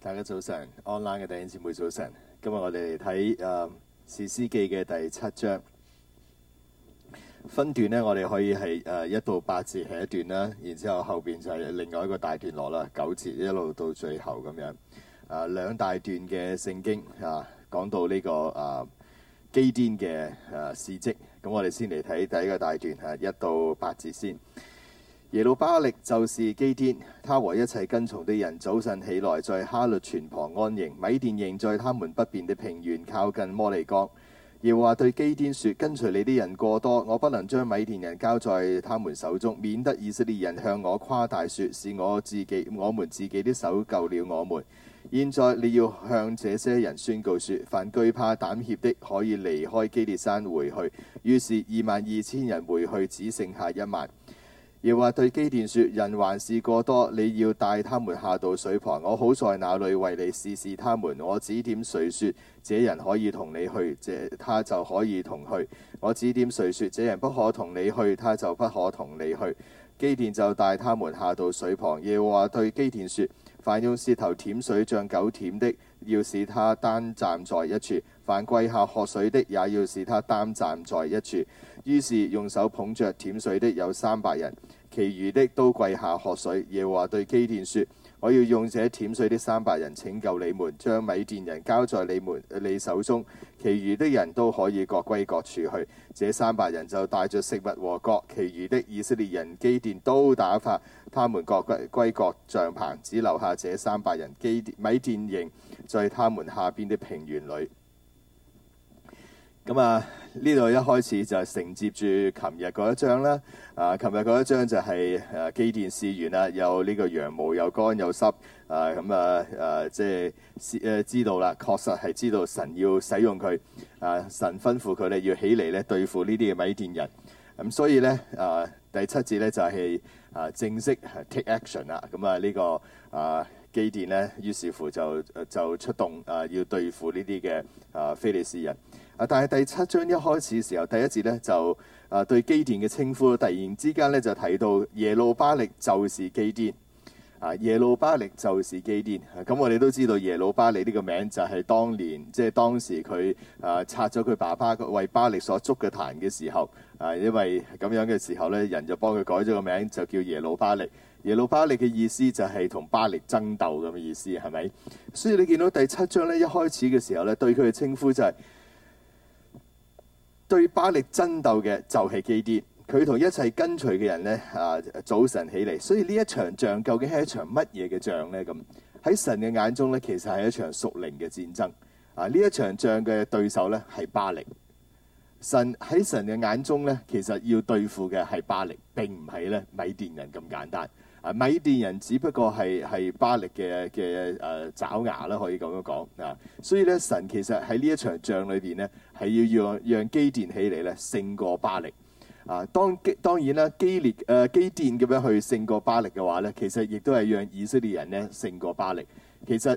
大家早晨，online 嘅弟兄姊妹早晨。今日我哋嚟睇誒《士、啊、師記》嘅第七章，分段呢我哋可以係誒、啊、一到八字係一段啦，然之後後邊就係另外一個大段落啦，九節一路到最後咁樣。誒、啊、兩大段嘅聖經啊，講到呢、這個誒、啊、基甸嘅誒事蹟，咁、啊、我哋先嚟睇第一個大段，係、啊、一到八字先。耶路巴力就是基甸，他和一切跟從的人早晨起來，在哈律泉旁安營。米甸營在他們北邊的平原，靠近摩利岡。耶和華對基甸說：跟隨你的人過多，我不能將米甸人交在他們手中，免得以色列人向我誇大說是我自己、我們自己的手救了我們。現在你要向這些人宣告說：凡懼怕膽怯的，可以離開基列山回去。於是二萬二千人回去，只剩下一萬。又話對基甸說：人還是過多，你要帶他們下到水旁。我好在那裏為你試試他們。我指點誰說：這人可以同你去，這他就可以同去。我指點誰說：這人不可同你去，他就不可同你去。基甸就帶他們下到水旁。又話對基甸說：凡用舌頭舔水像狗舔的，要使他單站在一處；凡跪下喝水的，也要使他單站在一處。於是用手捧着舔水的有三百人。其餘的都跪下喝水，耶和華對基甸說：我要用這舔水的三百人拯救你們，將米甸人交在你們你手中，其餘的人都可以各歸各處去。這三百人就帶着食物和角。其餘的以色列人基甸都打發他們各歸各帳棚，只留下這三百人基甸米甸營在他們下邊的平原裏。咁啊，呢度、嗯、一開始就承接住琴日嗰一章啦。啊，琴日嗰一章就係、是、誒、啊、基甸試驗啦，有呢個羊毛又乾又濕。啊，咁啊誒，即係誒知道啦，確實係知道神要使用佢。啊，神吩咐佢哋要起嚟咧對付呢啲嘅米甸人。咁、啊、所以咧，啊第七節咧就係、是、啊正式 take action 啦。咁啊、這個、啊電呢個啊基甸咧，於是乎就就出動啊要對付呢啲嘅啊非利士人。啊！但係第七章一開始時候，第一節咧就啊對基甸嘅稱呼，突然之間咧就提到耶路巴力就是基甸啊！耶路巴力就是基甸。咁、啊嗯、我哋都知道耶路巴力呢個名就係當年即係、就是、當時佢啊拆咗佢爸爸為巴力所築嘅壇嘅時候啊，因為咁樣嘅時候咧，人就幫佢改咗個名，就叫耶路巴力。耶路巴力嘅意思就係同巴力爭鬥咁嘅意思係咪？所以你見到第七章咧一開始嘅時候咧對佢嘅稱呼就係、是。對巴力爭鬥嘅就係基甸，佢同一切跟隨嘅人咧啊，早晨起嚟。所以呢一場仗究竟係一場乜嘢嘅仗呢？咁喺神嘅眼中呢，其實係一場屬靈嘅戰爭。啊，呢一場仗嘅對手呢，係巴力。神喺神嘅眼中呢，其實要對付嘅係巴力，並唔係呢米甸人咁簡單。啊！米甸人只不過係係巴力嘅嘅誒爪牙啦，可以咁樣講啊！所以咧，神其實喺呢一場仗裏邊咧，係要讓讓基甸起嚟咧勝過巴力啊！當當然啦，基烈誒、呃、基甸咁樣去勝過巴力嘅話咧，其實亦都係讓以色列人咧勝過巴力。其實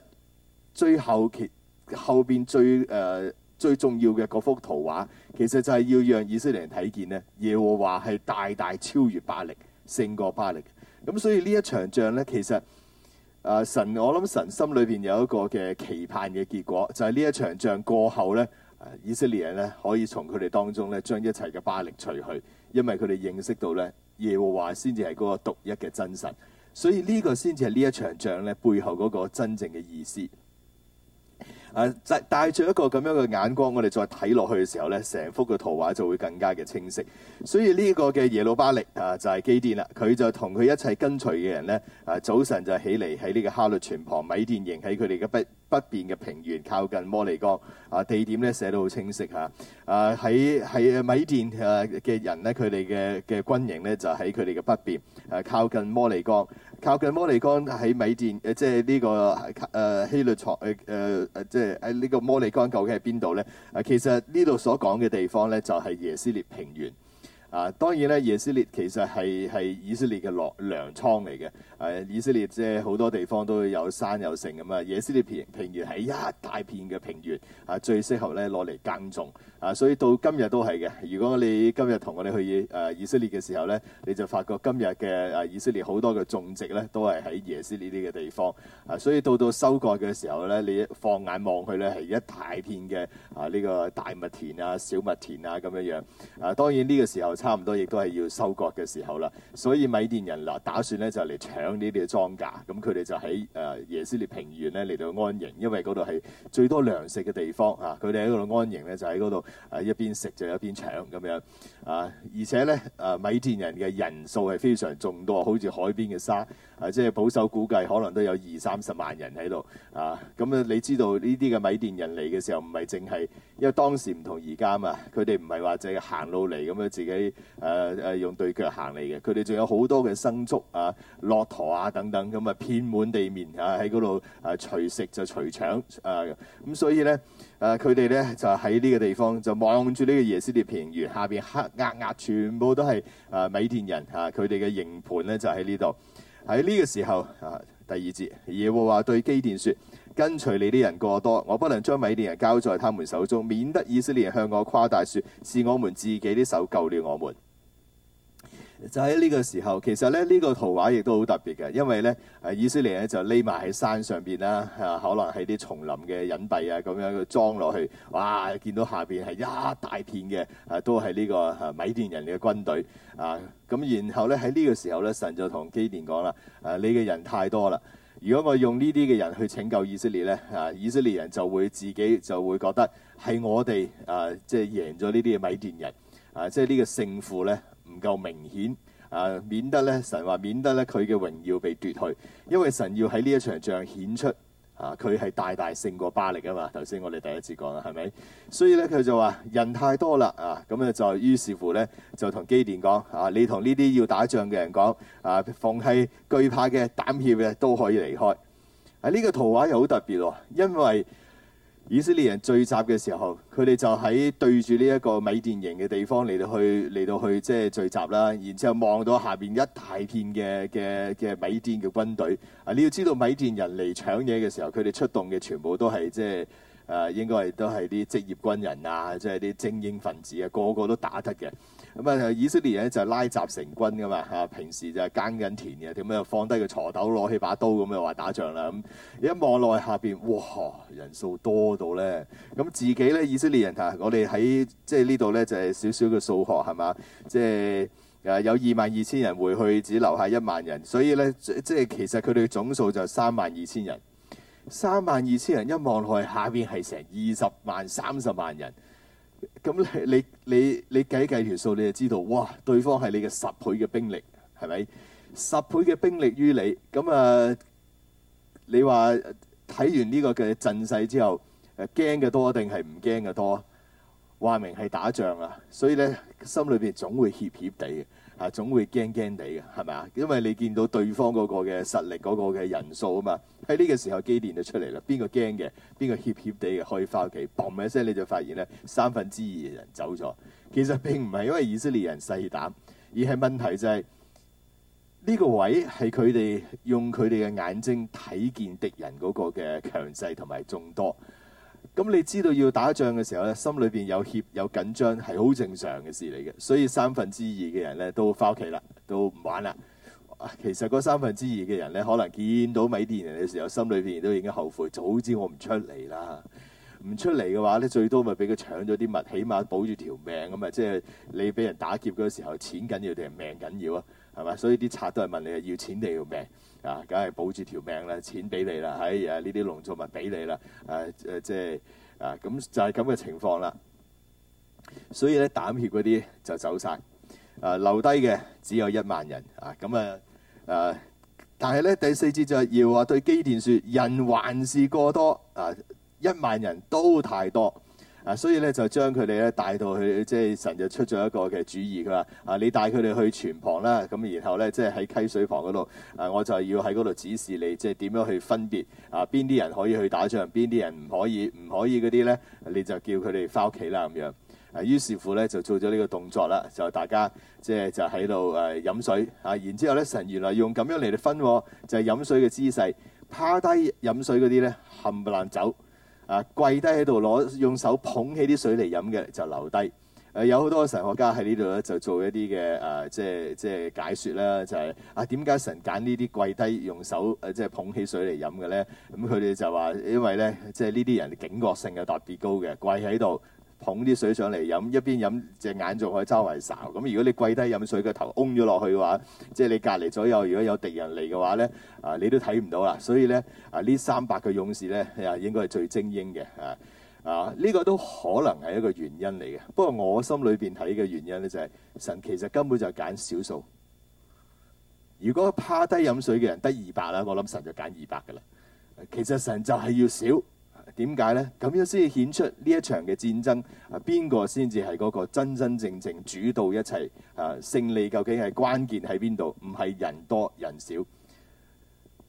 最後其後邊最誒、呃、最重要嘅嗰幅圖畫，其實就係要讓以色列人睇見咧，耶和華係大大大超越巴力，勝過巴力。咁、嗯、所以呢一場仗咧，其實啊、呃、神，我諗神心裏邊有一個嘅期盼嘅結果，就係、是、呢一場仗過後咧、啊，以色列人咧可以從佢哋當中咧將一切嘅巴力除去，因為佢哋認識到咧耶和華先至係嗰個獨一嘅真神，所以呢個先至係呢一場仗咧背後嗰個真正嘅意思。啊！帶帶著一個咁樣嘅眼光，我哋再睇落去嘅時候呢，成幅嘅圖畫就會更加嘅清晰。所以呢個嘅耶路巴力啊，就係、是、基甸啦。佢就同佢一齊跟隨嘅人呢啊，早晨就起嚟喺呢個哈律泉旁米甸營喺佢哋嘅北。北邊嘅平原靠近摩利岡，啊，地點咧寫得好清晰嚇，啊喺喺米甸嘅人咧，佢哋嘅嘅軍營咧，就喺佢哋嘅北邊誒，靠近摩利岡。靠近摩利岡，喺、啊啊、米甸誒、呃、即係呢、這個誒希、呃、律廠誒誒即係喺呢個摩利岡。究竟係邊度咧？啊其實呢度所講嘅地方咧就係、是、耶斯列平原。啊，當然咧、啊，耶斯列其實係係以色列嘅糧糧倉嚟嘅。以色列即係好多地方都有山有城咁啊，耶斯列平，平原係一大片嘅平原，啊，最適合呢攞嚟耕種。啊，所以到今日都係嘅。如果你今日同我哋去誒、啊、以色列嘅時候咧，你就發覺今日嘅誒以色列好多嘅種植咧，都係喺耶斯列呢個地方。啊，所以到到收割嘅時候咧，你放眼望去咧係一大片嘅啊呢、這個大麥田啊、小麥田啊咁樣樣。啊，當然呢個時候差唔多亦都係要收割嘅時候啦。所以米甸人嗱打算咧就嚟搶呢啲嘅莊稼，咁佢哋就喺誒、啊、耶斯列平原咧嚟到安營，因為嗰度係最多糧食嘅地方啊。佢哋喺度安營咧就喺嗰度。誒一邊食就一邊搶咁樣啊！而且咧誒、啊、米甸人嘅人數係非常眾多，好似海邊嘅沙啊！即係保守估計，可能都有二三十萬人喺度啊！咁啊，你知道呢啲嘅米甸人嚟嘅時候，唔係淨係。因為當時唔同而家嘛，佢哋唔係話淨係行路嚟咁樣自己誒誒、呃、用對腳行嚟嘅，佢哋仲有好多嘅牲畜啊、駱駝啊等等咁啊，遍滿地面啊，喺嗰度啊，隨食就隨搶啊，咁所以咧誒，佢哋咧就喺呢個地方就望住呢個耶斯列平原下邊，黑壓壓全部都係啊米甸人嚇，佢哋嘅營盤咧就喺呢度。喺呢個時候啊，第二節，耶和華對基甸說。跟隨你啲人過多，我不能將米甸人交在他們手中，免得以色列人向我誇大說是我們自己啲手救了我們。就喺呢個時候，其實咧呢、呢個圖畫亦都好特別嘅，因為呢，誒、啊、以色列咧就匿埋喺山上邊啦，吓、啊、可能喺啲叢林嘅隱蔽啊咁樣裝落去，哇，見到下邊係一大片嘅，誒、啊、都係呢個米甸人嘅軍隊啊。咁然後呢，喺呢個時候咧，神就同基甸講啦：誒、啊，你嘅人太多啦。如果我用呢啲嘅人去拯救以色列咧，啊，以色列人就會自己就會覺得係我哋啊，即係贏咗呢啲嘅米甸人啊，即係呢個勝負咧唔夠明顯，啊，免得咧神話免得咧佢嘅榮耀被奪去，因為神要喺呢一場仗顯出。啊！佢係大大勝過巴力啊嘛！頭先我哋第一次講啦，係咪？所以咧，佢就話人太多啦啊！咁咧就於是乎咧就同基甸講啊：你同呢啲要打仗嘅人講啊，凡係懼怕嘅、膽怯嘅都可以離開。喺、啊、呢、呢個圖畫又好特別喎、哦，因為。以色列人聚集嘅時候，佢哋就喺對住呢一個米甸營嘅地方嚟到去，嚟到去即係、就是、聚集啦。然之後望到下邊一大片嘅嘅嘅米甸嘅軍隊啊，你要知道米甸人嚟搶嘢嘅時候，佢哋出動嘅全部都係即係。就是誒應該係都係啲職業軍人啊，即係啲精英分子啊，個個都打得嘅。咁啊，以色列人咧就拉雜成軍噶嘛嚇，平時就係耕緊田嘅，點樣放低個鋤頭攞起把刀咁就話打仗啦。咁一望落去下邊，哇，人數多到咧。咁自己咧，以色列人嚇，我哋喺即係呢度咧就係少少嘅數學係嘛，即係誒有二萬二千人回去，只留下一萬人，所以咧即係其實佢哋嘅總數就三萬二千人。三萬二千人一望落去，下邊係成二十萬三十萬人，咁你你你你計一計條數，你就知道，哇！對方係你嘅十倍嘅兵力，係咪？十倍嘅兵力於你，咁啊，你話睇完呢個嘅陣勢之後，誒驚嘅多定係唔驚嘅多？話明係打仗啊，所以呢，心裏邊總會怯怯地嘅。啊，總會驚驚地嘅，係咪啊？因為你見到對方嗰個嘅實力、嗰個嘅人數啊嘛。喺呢個時候，基甸就出嚟啦。邊個驚嘅，邊個怯怯地嘅可以返屋企，嘣一聲你就發現咧，三分之二嘅人走咗。其實並唔係因為以色列人細膽，而係問題就係呢個位係佢哋用佢哋嘅眼睛睇見敵人嗰個嘅強勢同埋眾多。咁、嗯、你知道要打仗嘅時候呢，心裏邊有怯有緊張係好正常嘅事嚟嘅，所以三分之二嘅人呢都翻屋企啦，都唔玩啦。其實嗰三分之二嘅人呢，可能見到米甸人嘅時候，心裏邊都已經後悔，早知我唔出嚟啦。唔出嚟嘅話呢，最多咪俾佢搶咗啲物，起碼保住條命咁啊。即係你俾人打劫嗰時候，錢緊要定係命緊要啊？係咪？所以啲賊都係問你係要錢定要命？啊，梗係保住條命啦，錢俾你啦，喺誒呢啲農作物俾你啦，誒誒即係啊，咁就係咁嘅情況啦。所以咧，膽怯嗰啲就走晒，啊留低嘅只有一萬人啊，咁啊誒，但係咧第四節就係要話對基甸説，人還是過多啊，一萬人都太多。啊，所以咧就將佢哋咧帶到去，即係神就出咗一個嘅主意佢話：啊，你帶佢哋去泉旁啦，咁然後咧即係喺溪水旁嗰度，啊，我就要喺嗰度指示你，即係點樣去分別啊邊啲人可以去打仗，邊啲人唔可以，唔可以嗰啲咧，你就叫佢哋返屋企啦咁樣。啊，於是乎咧就做咗呢個動作啦，就大家即係就喺度誒飲水啊。然之後咧，神原來用咁樣嚟嚟分，就係飲水嘅姿勢，趴低飲水嗰啲咧冚唪唥走。啊！跪低喺度攞用手捧起啲水嚟飲嘅就留低。誒、啊、有好多嘅神學家喺呢度咧，就做一啲嘅誒，即係即係解説啦，就係、是、啊點解神揀呢啲跪低用手誒即係捧起水嚟飲嘅咧？咁佢哋就話因為咧，即係呢啲人警覺性係特別高嘅，跪喺度。捧啲水上嚟飲，一邊飲隻眼仲可以周圍睄。咁如果你跪低飲水個頭嗡咗落去嘅話，即係你隔離左右如果有敵人嚟嘅話咧，啊你都睇唔到啦。所以咧啊呢三百個勇士咧，啊應該係最精英嘅，啊啊呢、這個都可能係一個原因嚟嘅。不過我心裏邊睇嘅原因咧就係、是、神其實根本就揀少數。如果趴低飲水嘅人得二百啦，我諗神就揀二百噶啦。其實神就係要少。點解呢？咁樣先至顯出呢一場嘅戰爭，邊個先至係嗰個真真正正主導一切？啊，勝利究竟係關鍵喺邊度？唔係人多人少，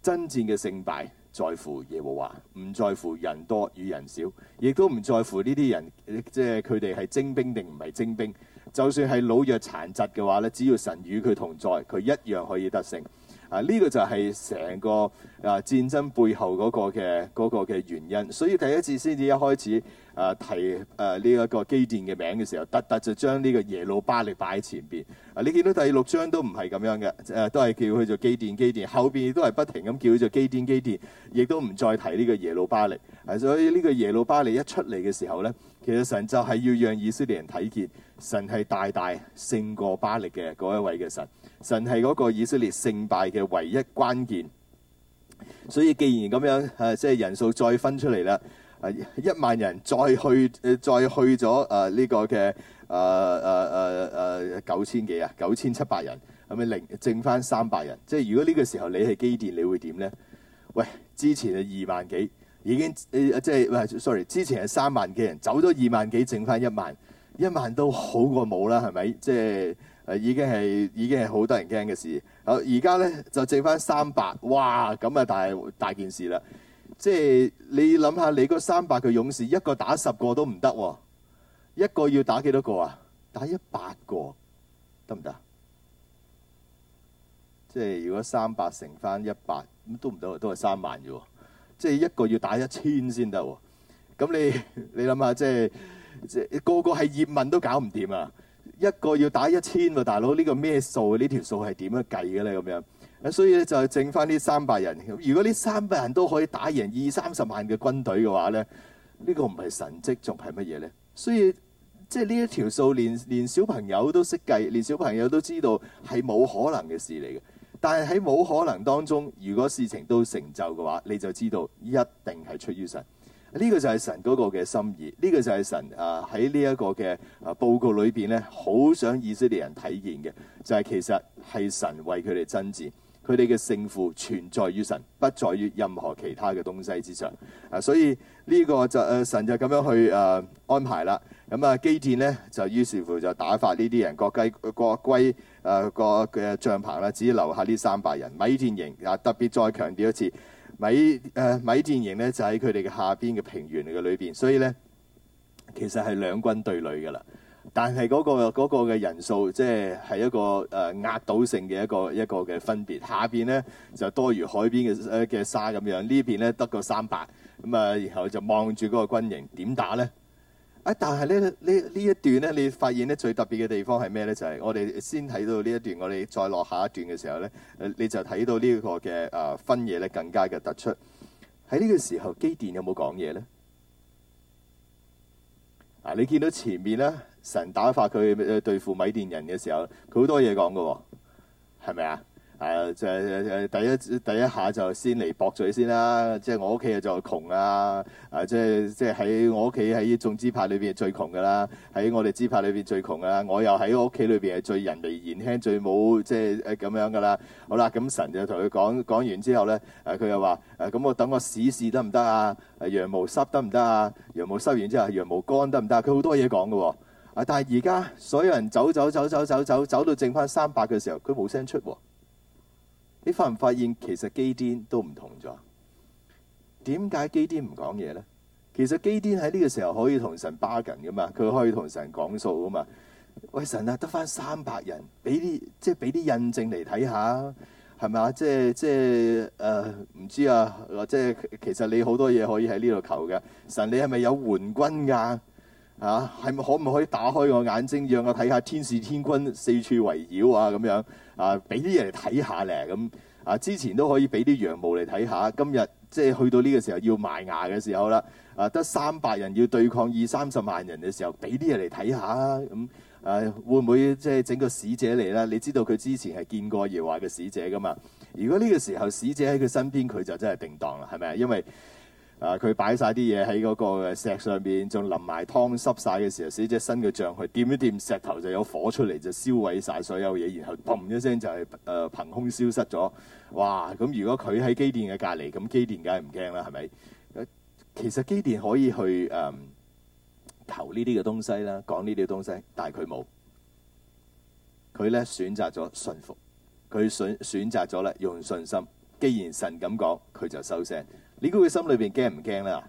真正嘅勝敗在乎耶和華，唔在乎人多與人少，亦都唔在乎呢啲人，即係佢哋係精兵定唔係精兵。就算係老弱殘疾嘅話呢，只要神與佢同在，佢一樣可以得勝。啊！呢、這個就係成個啊戰爭背後嗰個嘅嗰個嘅原因，所以第一次先至一開始啊提啊呢一、這個基甸嘅名嘅時候，特特就將呢個耶路巴力擺喺前邊。啊，你見到第六章都唔係咁樣嘅，誒、啊、都係叫佢做基甸基甸，後邊亦都係不停咁叫佢做基甸基甸，亦都唔再提呢個耶路巴力。啊，所以呢個耶路巴力一出嚟嘅時候咧，其實神就係要讓以色列人睇見神係大大勝過巴力嘅嗰一位嘅神。神係嗰個以色列勝敗嘅唯一關鍵，所以既然咁樣，誒、啊、即係人數再分出嚟啦，誒、啊、一萬人再去誒、啊、再去咗誒呢個嘅誒誒誒誒九千幾啊，九千七百人咁樣零剩翻三百人，即係如果呢個時候你係基甸，你會點咧？喂，之前係二萬幾已經誒、啊，即係喂、啊、sorry，之前係三萬幾人走咗二萬幾，剩翻一萬，一萬都好過冇啦，係咪？即係。已經係已經係好多人驚嘅事。好，而家咧就剩翻三百，哇！咁啊大大件事啦。即係你諗下，你嗰三百個勇士一個打十個都唔得喎，一個要打幾多個啊？打一百個得唔得？即係如果三百乘翻一百，咁都唔得，都係三萬啫。即係一個要打一千先得。咁你你諗下，即係即係個個係葉問都搞唔掂啊！一個要打一千喎，大佬呢個咩數？呢條數係點樣計嘅呢？咁樣，所以就剩翻呢三百人。如果呢三百人都可以打贏二三十萬嘅軍隊嘅話咧，呢個唔係神蹟，仲係乜嘢呢？所以即係呢一條數，連連小朋友都識計，連小朋友都知道係冇可能嘅事嚟嘅。但係喺冇可能當中，如果事情都成就嘅話，你就知道一定係出於神。呢個就係神嗰個嘅心意，呢、這個就係神啊喺呢一個嘅啊報告裏邊咧，好想以色列人體驗嘅，就係、是、其實係神為佢哋爭戰，佢哋嘅勝負存在於神，不在於任何其他嘅東西之上啊！所以呢個就誒、啊、神就咁樣去誒、啊、安排啦。咁啊基甸咧就於是乎就打發、啊、呢啲人各歸各誒各嘅帳棚啦，只留下呢三百人米甸營啊！特別再強調一次。米誒米甸營咧就喺佢哋嘅下邊嘅平原嘅裏邊，所以咧其實係兩軍對壘嘅啦。但係嗰、嗰個嘅、嗰個、人數，即係係一個誒、呃、壓倒性嘅一個一個嘅分別。下邊咧就多如海邊嘅嘅、呃、沙咁樣，邊呢邊咧得個三百咁啊，然後就望住嗰個軍營點打咧？啊！但係咧，呢呢一段咧，你發現咧最特別嘅地方係咩咧？就係、是、我哋先睇到呢一段，我哋再落下，下一段嘅時候咧，誒、啊、你就睇到呢個嘅誒、啊、分野咧更加嘅突出。喺呢個時候，基甸有冇講嘢咧？啊！你見到前面咧，神打發佢誒對付米甸人嘅時候，佢好多嘢講嘅喎，係咪啊？誒、uh，就係、是、第一第一下就先嚟駁嘴先啦。即係我屋企就窮啊！誒即係即係喺我屋企喺種支派裏邊係最窮㗎啦。喺我哋支派裏邊最窮㗎啦。我又喺我屋企裏邊係最人微言輕、最冇即係誒咁樣㗎啦。好啦，咁、嗯、神就同佢講講完之後咧，誒佢又話誒咁我等我試試得唔得啊？羊毛濕得唔得啊？羊毛濕完之後，羊毛乾得唔得？佢好多嘢講㗎喎。啊！但係而家所有人走走走走走走走到剩翻三百嘅時候，佢冇聲出喎、啊。你發唔發現其實基甸都唔同咗？點解基甸唔講嘢咧？其實基甸喺呢個時候可以同神巴 a r 噶嘛，佢可以同神講數噶嘛。喂神啊，得翻三百人，俾啲即係俾啲印證嚟睇下，係咪、呃、啊？即係即係誒，唔知啊，即係其實你好多嘢可以喺呢度求嘅。神你係咪有援軍㗎？嚇、啊，係咪可唔可以打開我眼睛，讓我睇下天使、天君四處圍繞啊咁樣？啊！俾啲嘢嚟睇下咧，咁啊之前都可以俾啲羊毛嚟睇下，今日即係去到呢個時候要埋牙嘅時候啦。啊，得三百人要對抗二三十萬人嘅時候，俾啲嘢嚟睇下咁啊，啊，會唔會即係整個使者嚟咧？你知道佢之前係見過耶和華嘅使者噶嘛？如果呢個時候使者喺佢身邊，佢就真係定當啦，係咪啊？因為。啊！佢擺晒啲嘢喺嗰個石上邊，仲淋埋湯濕晒嘅時候，使者伸嘅杖去掂一掂石頭就有火出嚟，就燒毀晒所有嘢，然後嘣一聲就係、是、誒、呃、憑空消失咗。哇！咁如果佢喺基甸嘅隔離，咁基甸梗係唔驚啦，係咪？其實基甸可以去誒、嗯、求呢啲嘅東西啦，講呢啲嘅東西，但係佢冇。佢咧選擇咗信服，佢選選擇咗咧用信心。既然神咁講，佢就收聲。你估佢心裏邊驚唔驚咧？啊，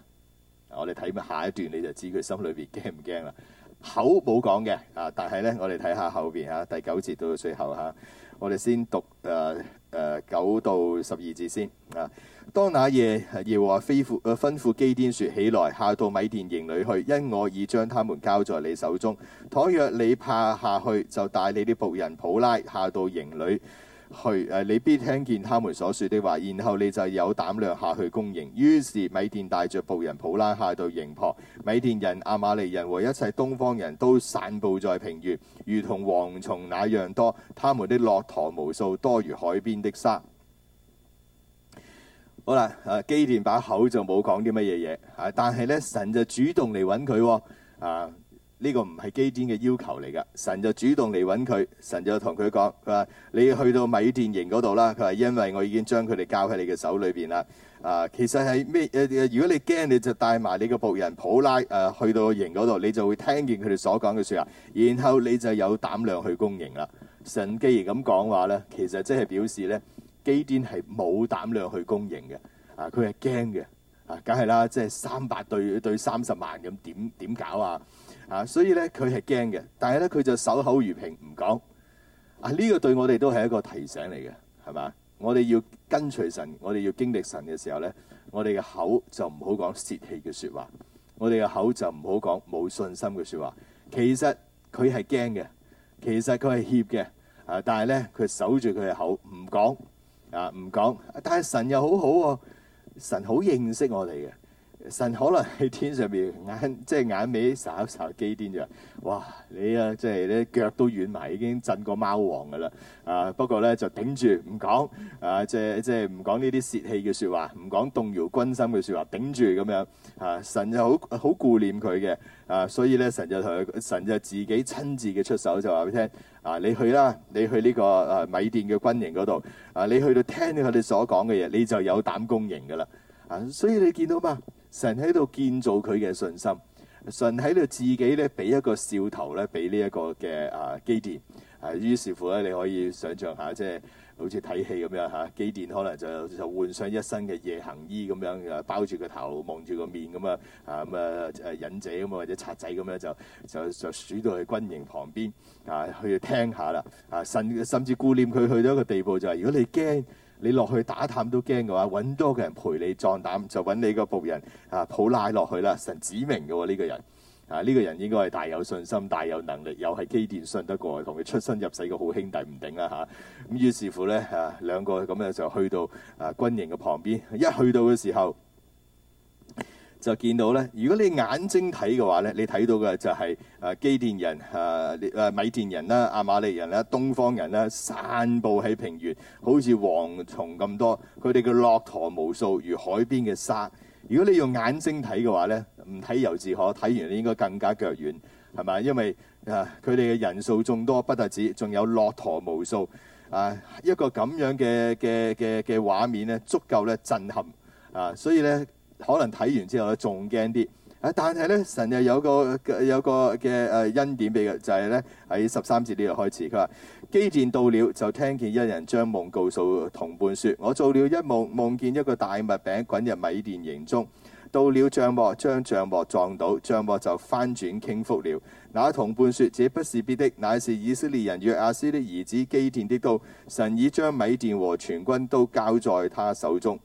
我哋睇下一段你就知佢心裏邊驚唔驚啦。口冇講嘅啊，但係咧我哋睇下後邊嚇、啊、第九節到最後嚇、啊，我哋先讀誒誒、呃呃、九到十二節先啊。當那夜耶和華吩咐吩咐基甸説：起來，下到米甸營裏去，因我已將他們交在你手中。倘若你怕下去，就帶你啲僕人普拉下到營裏。去誒、啊，你必聽見他們所説的話，然後你就有膽量下去攻營。於是米甸帶著僕人普拉下到營旁，米甸人、亞瑪力人和一切東方人都散佈在平原，如同蝗蟲那樣多。他們的駱駝無數，多如海邊的沙。好啦，誒、啊、基甸把口就冇講啲乜嘢嘢，嚇、啊！但係呢，神就主動嚟揾佢，啊！呢個唔係基甸嘅要求嚟噶，神就主動嚟揾佢，神就同佢講：佢話你去到米甸營嗰度啦。佢話因為我已經將佢哋交喺你嘅手裏邊啦。啊、呃，其實係咩？誒、呃、如果你驚，你就帶埋你嘅僕人普拉誒、呃、去到營嗰度，你就會聽見佢哋所講嘅説話，然後你就有膽量去攻營啦。神既然咁講話咧，其實即係表示咧，基甸係冇膽量去攻營嘅。啊，佢係驚嘅啊，梗係啦，即係三百對對三十萬咁點點搞啊！啊，所以咧佢係驚嘅，但係咧佢就守口如瓶唔講。啊，呢個對我哋都係一個提醒嚟嘅，係嘛？我哋要跟隨神，我哋要經歷神嘅時候咧，我哋嘅口就唔好講泄氣嘅説話，我哋嘅口就唔好講冇信心嘅説話。其實佢係驚嘅，其實佢係怯嘅，啊！但係咧佢守住佢嘅口唔講，啊，唔講。但係神又好好喎，神好認識我哋嘅。神可能喺天上面眼即係眼尾稍一睄，基甸就話哇，你啊即係咧腳都軟埋，已經震過貓王噶啦！啊不過咧就頂住唔講啊，即係即係唔講呢啲泄氣嘅説話，唔講動搖軍心嘅説話，頂住咁樣啊！神就好好顧念佢嘅啊，所以咧神就同神就自己親自嘅出手就話俾你聽啊！你去啦，你去呢個啊米甸嘅軍營嗰度啊！你去到聽佢哋所講嘅嘢，你就有膽攻營噶啦啊！所以你見到嘛？神喺度建造佢嘅信心，神喺度自己咧俾一個笑頭咧俾呢一個嘅啊基甸，啊，啊於是乎咧你可以想象下，即係好似睇戲咁樣嚇、啊，基甸可能就就換上一身嘅夜行衣咁樣，樣，啊包住個頭，望住個面咁啊啊咁啊誒忍者咁啊或者賊仔咁樣就就就鼠到去軍營旁邊啊去聽下啦，啊神甚至顧念佢去到一個地步就係如果你驚。你落去打探都驚嘅話，揾多個人陪你壯膽，就揾你個僕人啊，普拉落去啦。神指明嘅喎呢個人，啊呢、這個人應該係大有信心、大有能力，又係基甸信得過，同佢出生入死嘅好兄弟唔定啦、啊、嚇。咁、啊、於是乎咧啊，兩個咁樣就去到啊軍營嘅旁邊，一去到嘅時候。就見到咧，如果你眼睛睇嘅話咧，你睇到嘅就係誒基甸人、誒、啊、誒米甸人啦、亞、啊、瑪力人啦、東方人啦、啊，散佈喺平原，好似蝗蟲咁多。佢哋嘅駱駝無數，如海邊嘅沙。如果你用眼睛睇嘅話咧，唔睇尤自可，睇完應該更加腳軟，係咪？因為誒佢哋嘅人數眾多，不特止，仲有駱駝無數。誒、啊、一個咁樣嘅嘅嘅嘅畫面咧，足夠咧震撼。啊，所以咧。可能睇完之後咧仲驚啲，但係咧神又有個有個嘅誒恩典俾佢，就係咧喺十三節呢度開始，佢話基甸到了就聽見一人將夢告訴同伴説：我做了一夢，夢見一個大麥餅滾入米甸營,營中，到了帳幕將帳幕撞倒，帳幕就翻轉傾覆了。那同伴説：這不是別的，乃是以色列人約阿斯的兒子基甸的刀。神已將米甸和全軍都交在他手中。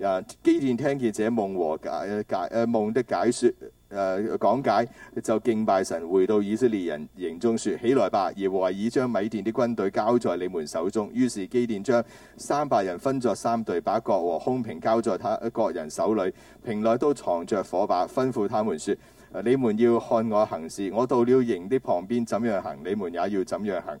誒、啊、基甸聽見這夢和解解誒、啊、夢的解説誒、啊、講解，就敬拜神，回到以色列人營中説：起來吧，而和耶和華已將米甸的軍隊交在你們手中。於是基甸將三百人分作三隊，把角和空瓶交在他各人手裏，瓶內都藏着火把，吩咐他們説、啊：你們要看我行事，我到了營的旁邊怎樣行，你們也要怎樣行。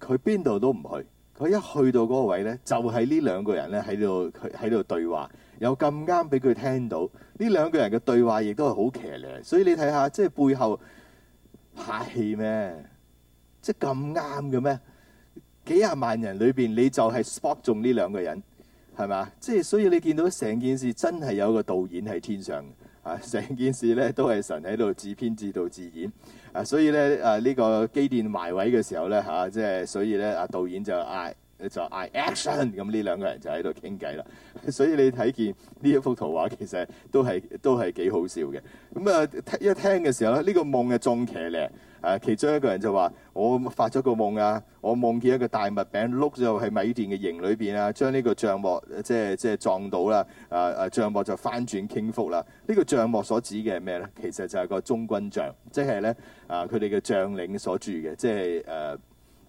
佢邊度都唔去，佢一去到嗰個位呢，就係呢兩個人咧喺度喺度對話，又咁啱俾佢聽到。呢兩個人嘅對話亦都係好騎呢，所以你睇下，即係背後拍戲咩？即係咁啱嘅咩？幾廿萬人裏邊，你就係 spot 中呢兩個人，係咪？即係所以你見到成件事真係有個導演喺天上啊！成件事呢都係神喺度自編自導自演。啊，所以咧，啊呢、這個機電埋位嘅時候咧，嚇、啊，即係所以咧，啊導演就嗌就嗌 action 咁、嗯，呢兩個人就喺度傾偈啦。所以你睇見呢一幅圖畫其實都係都係幾好笑嘅。咁、嗯、啊，聽一聽嘅時候咧，呢、這個夢嘅壯騎呢？誒其中一個人就話：我發咗個夢啊！我夢見一個大麥餅碌咗喺米甸嘅營裏邊啊，將呢個帳幕即係即係撞到啦！啊啊帳幕就翻轉傾覆啦！呢個帳幕所指嘅係咩咧？其實就係個中軍帳，即係咧啊佢哋嘅將領所住嘅，即係誒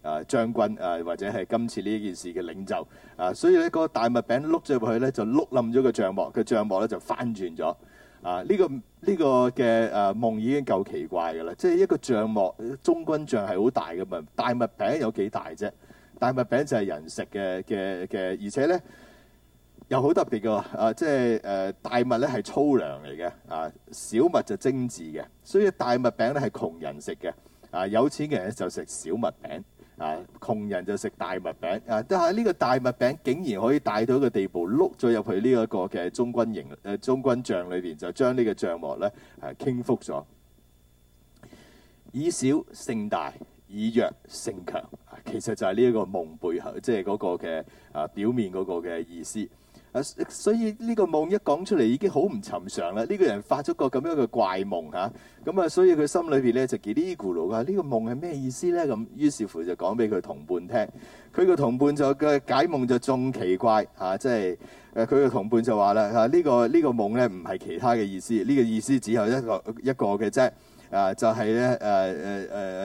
誒將軍啊或者係今次呢件事嘅領袖啊，所以呢個大麥餅碌咗入去咧就碌冧咗個帳幕，個帳幕咧就翻轉咗。啊！呢、這個呢、這個嘅誒、啊、夢已經夠奇怪嘅啦，即係一個帳幕，中軍帳係好大嘅嘛，大麥餅有幾大啫？大麥餅就係人食嘅嘅嘅，而且咧又好特別嘅啊！即係誒、啊、大麥咧係粗糧嚟嘅，啊小麥就精緻嘅，所以大麥餅咧係窮人食嘅，啊有錢嘅人就食小麥餅。啊！窮人就食大麥餅啊！但係呢個大麥餅竟然可以大到一個地步，碌咗入去呢一個嘅中軍營誒中軍帳裏邊，就將呢個帳幕咧誒、啊、傾覆咗。以小勝大，以弱勝強啊！其實就係呢一個夢背後，即係嗰個嘅啊表面嗰個嘅意思。所以呢個夢一講出嚟已經好唔尋常啦！呢個人發咗個咁樣嘅怪夢嚇，咁啊，啊，所以佢心裏邊咧就嘰哩咕嚕㗎！呢個夢係咩意思咧？咁於是乎就講俾佢同伴聽，佢個同伴就嘅解夢就仲奇怪嚇，即係誒佢個同伴就話啦嚇，啊呢個呢個夢咧唔係其他嘅意思，呢個意思只有一個一個嘅啫，啊就係咧誒誒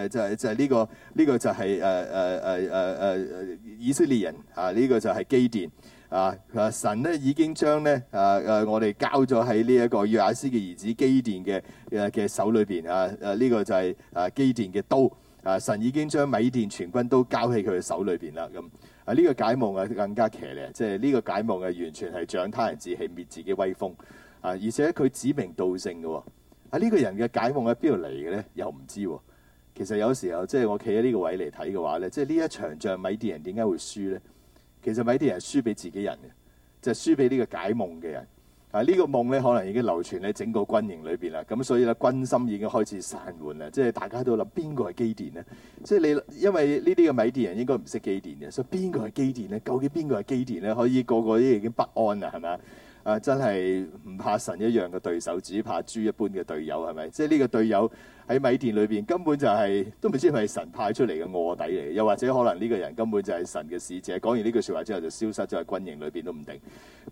誒就係就係呢個呢個就係誒誒誒誒誒以色列人嚇，啊呢個就係基甸。啊！神咧已經將呢，啊啊，我哋交咗喺呢一個約阿施嘅兒子基甸嘅嘅手裏邊啊！啊，呢、啊呢個就係啊基甸嘅刀啊！神已經將米甸全軍都交喺佢嘅手裏邊啦咁啊！呢、呢個解夢啊更加騎呢，即係呢個解夢啊完全係長他人志氣滅自己威風啊！而且佢指名道姓嘅喎啊！呢、呢個人嘅解夢喺邊度嚟嘅咧又唔知喎。其實有時候即係我企喺呢個位嚟睇嘅話咧，即係呢一場仗米甸人點解會輸咧？其實米甸人係輸俾自己人嘅，就係、是、輸俾呢個解夢嘅人。啊，呢、這個夢咧可能已經流傳喺整個軍營裏邊啦。咁所以咧，軍心已經開始散緩啦。即係大家都諗邊個係基甸呢？即係你因為呢啲嘅米甸人應該唔識基甸嘅，所以邊個係基甸呢？究竟邊個係基甸呢？可以個個都已經不安啦，係咪啊？啊，真係唔怕神一樣嘅對手，只怕豬一般嘅隊友係咪？即係呢個隊友。喺米甸裏邊根本就係、是、都唔知係神派出嚟嘅臥底嚟，又或者可能呢個人根本就係神嘅使者。講完呢句說話之後就消失咗喺、就是、軍營裏邊都唔定，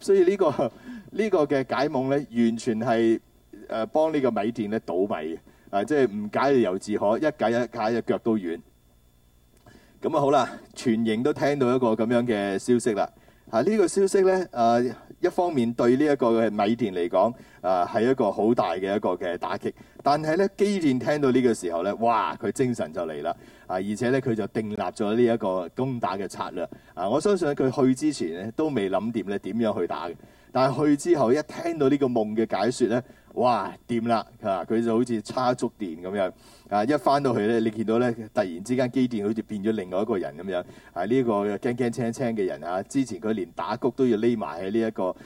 所以、這個這個、解呢個呢個嘅解夢咧，完全係誒幫呢個米甸咧倒米，啊即係唔解又自可，一解一解，一解一腳軟就腳都軟。咁啊好啦，全營都聽到一個咁樣嘅消息啦。啊呢、這個消息咧啊。一方面對呢、啊、一個嘅米甸嚟講，啊係一個好大嘅一個嘅打擊。但係咧，基甸聽到呢個時候咧，哇佢精神就嚟啦，啊而且咧佢就訂立咗呢一個攻打嘅策略。啊我相信佢去之前咧都未諗掂咧點樣去打嘅，但係去之後一聽到呢個夢嘅解説咧，哇掂啦嚇佢、啊、就好似叉足電咁樣。啊！一翻到去咧，你見到咧，突然之間基甸好似變咗另外一個人咁樣。啊！呢、這個驚驚青青嘅人嚇、啊，之前佢連打谷都要匿埋喺呢一個誒誒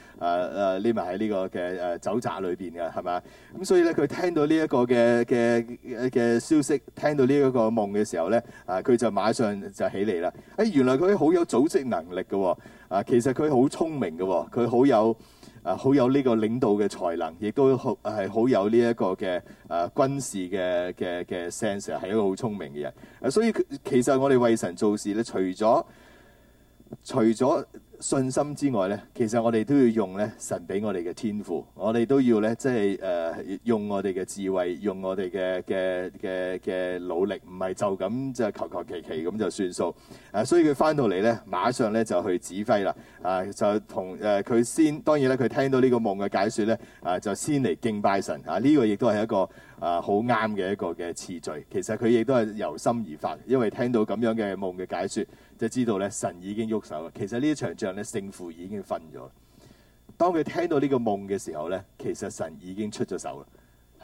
匿埋喺呢個嘅誒酒醡裏邊嘅係咪？咁、啊啊、所以咧，佢聽到呢一個嘅嘅嘅消息，聽到呢一個夢嘅時候咧，啊！佢就馬上就起嚟啦。哎，原來佢好有組織能力嘅喎。啊，其實佢好聰明嘅喎，佢好有。啊，好有呢個領導嘅才能，亦都好係好有呢、啊、一個嘅誒軍事嘅嘅嘅 sense，係一個好聰明嘅人。誒、啊，所以其實我哋為神做事咧，除咗除咗信心之外咧，其實我哋都要用咧神俾我哋嘅天賦，我哋都要咧即係誒、呃、用我哋嘅智慧，用我哋嘅嘅嘅嘅努力，唔係就咁就求求其其咁就算數。啊，所以佢翻到嚟咧，馬上咧就去指揮啦。啊，就同誒佢先，當然咧佢聽到呢個夢嘅解説咧，啊就先嚟敬拜神啊，呢個亦都係一個。啊，好啱嘅一個嘅次序，其實佢亦都係由心而發，因為聽到咁樣嘅夢嘅解説，就知道咧神已經喐手啦。其實呢場仗咧勝負已經分咗。當佢聽到呢個夢嘅時候咧，其實神已經出咗手啦，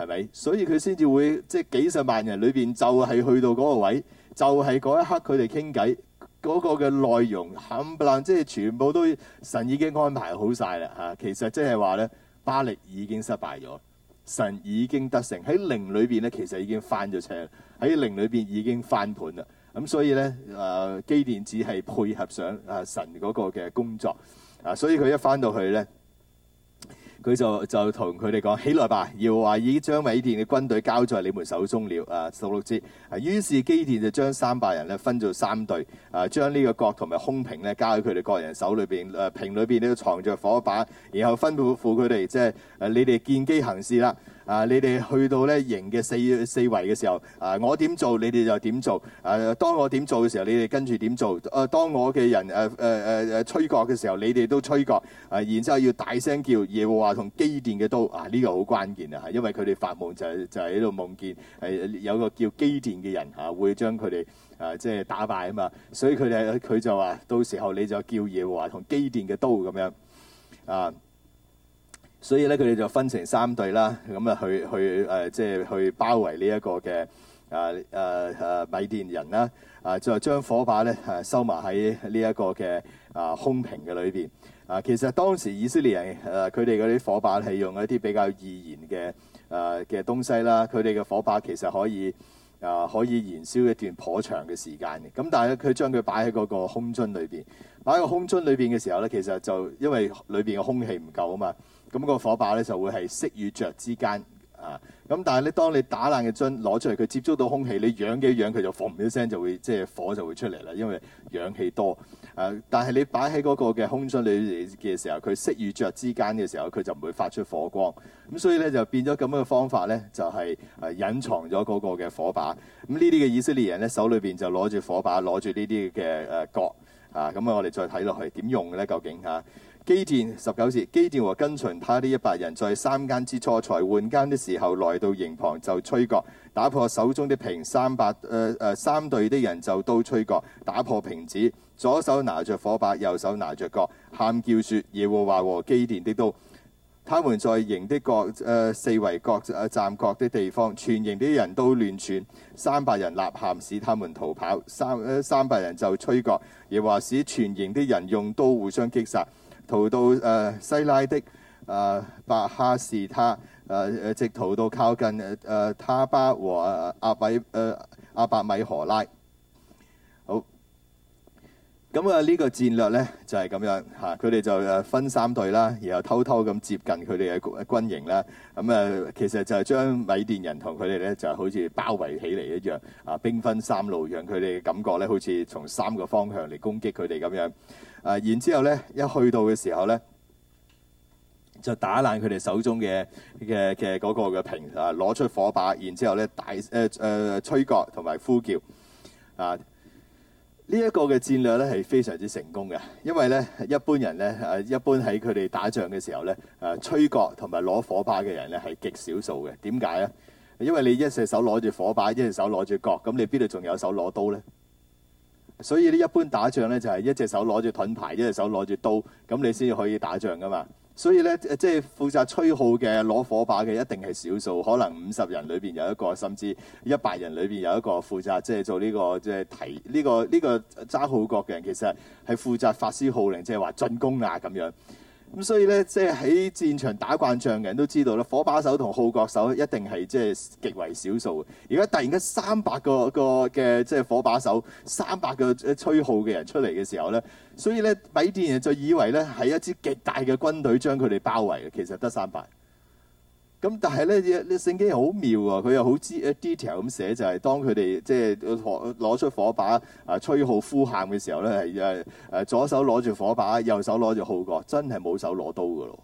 係咪？所以佢先至會即係、就是、幾十萬人裏邊，就係去到嗰個位，就係、是、嗰一刻佢哋傾偈嗰個嘅內容冚唪唥，即係全部都神已經安排好晒啦嚇。其實即係話咧，巴力已經失敗咗。神已經得成，喺靈裏面咧，其實已經翻咗車，喺靈裏面已經翻盤啦。咁所以呢，誒基甸只係配合上誒神嗰個嘅工作，啊，所以佢一翻到去咧。佢就就同佢哋講：起來吧，要話已將米甸嘅軍隊交在你們手中了。啊，十六支，啊，於是基甸就將三百人分做三隊，啊，將呢個角同埋空瓶交喺佢哋各人手裏邊，誒、啊、瓶裏邊咧藏著火把，然後吩咐佢哋即係、啊、你哋見機行事啦。啊！你哋去到咧營嘅四四圍嘅時候，啊我點做，你哋就點做。啊，當我點做嘅時候，你哋跟住點做。啊，當我嘅人誒誒誒誒吹角嘅時候，你哋都吹角。啊，然之後要大聲叫耶和華同基甸嘅刀。啊，呢、這個好關鍵啊！因為佢哋發夢就係就係喺度夢見係、啊、有個叫基甸嘅人嚇、啊，會將佢哋啊即係打敗啊嘛。所以佢哋佢就話：到時候你就叫耶和華同基甸嘅刀咁樣啊！啊啊所以咧，佢哋就分成三隊啦，咁啊去去誒、呃，即係去包圍呢一個嘅誒誒誒米甸人啦。啊，再、啊、將、啊、火把咧誒收埋喺呢一、啊、個嘅啊空瓶嘅裏邊。啊，其實當時以色列人誒，佢哋嗰啲火把係用一啲比較易燃嘅誒嘅東西啦。佢哋嘅火把其實可以啊可以燃燒一段頗長嘅時間嘅。咁、啊、但係佢將佢擺喺嗰個空樽裏邊，擺喺個空樽裏邊嘅時候咧，其實就因為裏邊嘅空氣唔夠啊嘛。咁個火把咧就會係熄與着之間啊！咁但係咧，當你打爛嘅樽攞出嚟，佢接觸到空氣，你氧嘅氧，佢就唔一聲就會即係火就會出嚟啦，因為氧氣多。誒，但係你擺喺嗰個嘅空樽裏嘅時候，佢熄與着之間嘅時候，佢就唔會發出火光。咁所以咧就變咗咁樣嘅方法咧，就係誒隱藏咗嗰個嘅火把。咁呢啲嘅以色列人咧，手裏邊就攞住火把，攞住呢啲嘅誒角啊！咁啊，我哋再睇落去點用嘅咧，究竟嚇？基甸十九節，基甸和跟隨他啲一百人在三更之初才，才換更的時候來到營旁就，就吹角打破手中的瓶。三百誒誒、呃、三隊的人就都吹角打破瓶子，左手拿着火把，右手拿着角，喊叫説：耶和華和基甸的刀。他們在營的各誒、呃、四圍各誒站各的地方，全營的人都亂竄。三百人吶喊使他們逃跑，三誒、呃、三百人就吹角，耶和華使全營的人用刀互相擊殺。逃到誒、呃、西拉的誒白、呃、哈士塔誒誒，直逃到靠近誒誒他巴和阿米誒、呃、阿伯米河拉。咁啊，呢個戰略咧就係咁樣嚇，佢哋就誒分三隊啦，然後偷偷咁接近佢哋嘅軍營啦。咁啊，其實就係將米甸人同佢哋咧，就好似包圍起嚟一樣啊，兵分三路，讓佢哋嘅感覺咧好似從三個方向嚟攻擊佢哋咁樣。誒，然之後咧，一去到嘅時候咧，就打爛佢哋手中嘅嘅嘅嗰個嘅瓶啊，攞出火把，然之後咧大誒誒、呃、吹角同埋呼叫啊。呢一個嘅戰略咧係非常之成功嘅，因為咧一般人咧誒一般喺佢哋打仗嘅時候咧誒吹角同埋攞火把嘅人咧係極少數嘅，點解咧？因為你一隻手攞住火把，一隻手攞住角，咁你邊度仲有手攞刀咧？所以呢，一般打仗咧就係一隻手攞住盾牌，一隻手攞住刀，咁你先至可以打仗噶嘛。所以咧，即係負責吹號嘅、攞火把嘅，一定係少數，可能五十人裏邊有一個，甚至一百人裏邊有一個負責，即係做呢個即係提呢個呢個揸號角嘅人，其實係負責發施號令，即係話進攻啊咁樣。咁所以咧，即係喺戰場打慣仗嘅人都知道咧，火把手同號角手一定係即係極為少數嘅。而家突然間三百個個嘅即係火把手，三百個誒吹號嘅人出嚟嘅時候咧，所以咧米甸人就以為咧係一支極大嘅軍隊將佢哋包圍嘅，其實得三百。咁但係咧，呢呢聖經好妙啊、哦。佢又好 detail 咁寫、就係，就係當佢哋即係攞出火把啊吹號呼喊嘅時候咧，係誒誒左手攞住火把，右手攞住號角，真係冇手攞刀噶咯，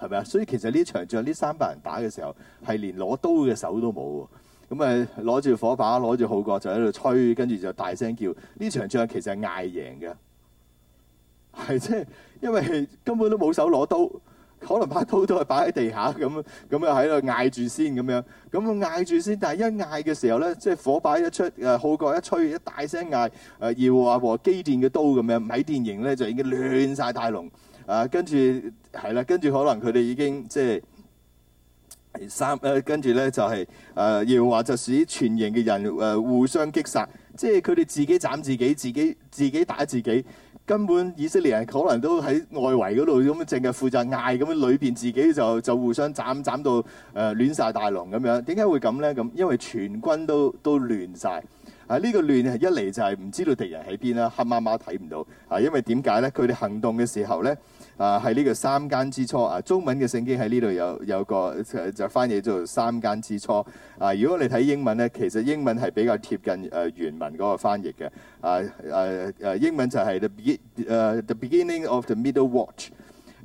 係咪啊？所以其實呢場仗呢三百人打嘅時候係連攞刀嘅手都冇喎，咁誒攞住火把攞住號角就喺度吹，跟住就大聲叫，呢場仗其實係嗌贏嘅，係即係因為根本都冇手攞刀。可能把刀都係擺喺地下咁，咁啊喺度嗌住先咁樣，咁啊嗌住先，但係一嗌嘅時候咧，即係火把一出，誒、呃、號角一吹，一大聲嗌誒、呃、耶和華和基甸嘅刀咁樣，喺陣營咧就已經亂晒大龍啊、呃，跟住係啦，跟住可能佢哋已經即係三誒、呃，跟住咧就係、是、誒、呃、耶和華就使全營嘅人誒、呃、互相擊殺，即係佢哋自己斬自己，自己自己，自己打自己。根本以色列人可能都喺外圍嗰度咁，淨係負責嗌咁，裏面自己就就互相斬斬到誒亂曬大籠咁樣。點解會咁咧？咁因為全軍都都亂曬啊！呢、呢個亂一嚟就係唔知道敵人喺邊啦，黑麻麻睇唔到啊！因為點解呢？佢哋行動嘅時候呢。啊，係呢個三更之初啊！中文嘅聖經喺呢度有有個、啊、就翻譯做三更之初啊。如果你睇英文咧，其實英文係比較貼近誒、啊、原文嗰個翻譯嘅啊啊啊！英文就係 the the beginning of the middle watch。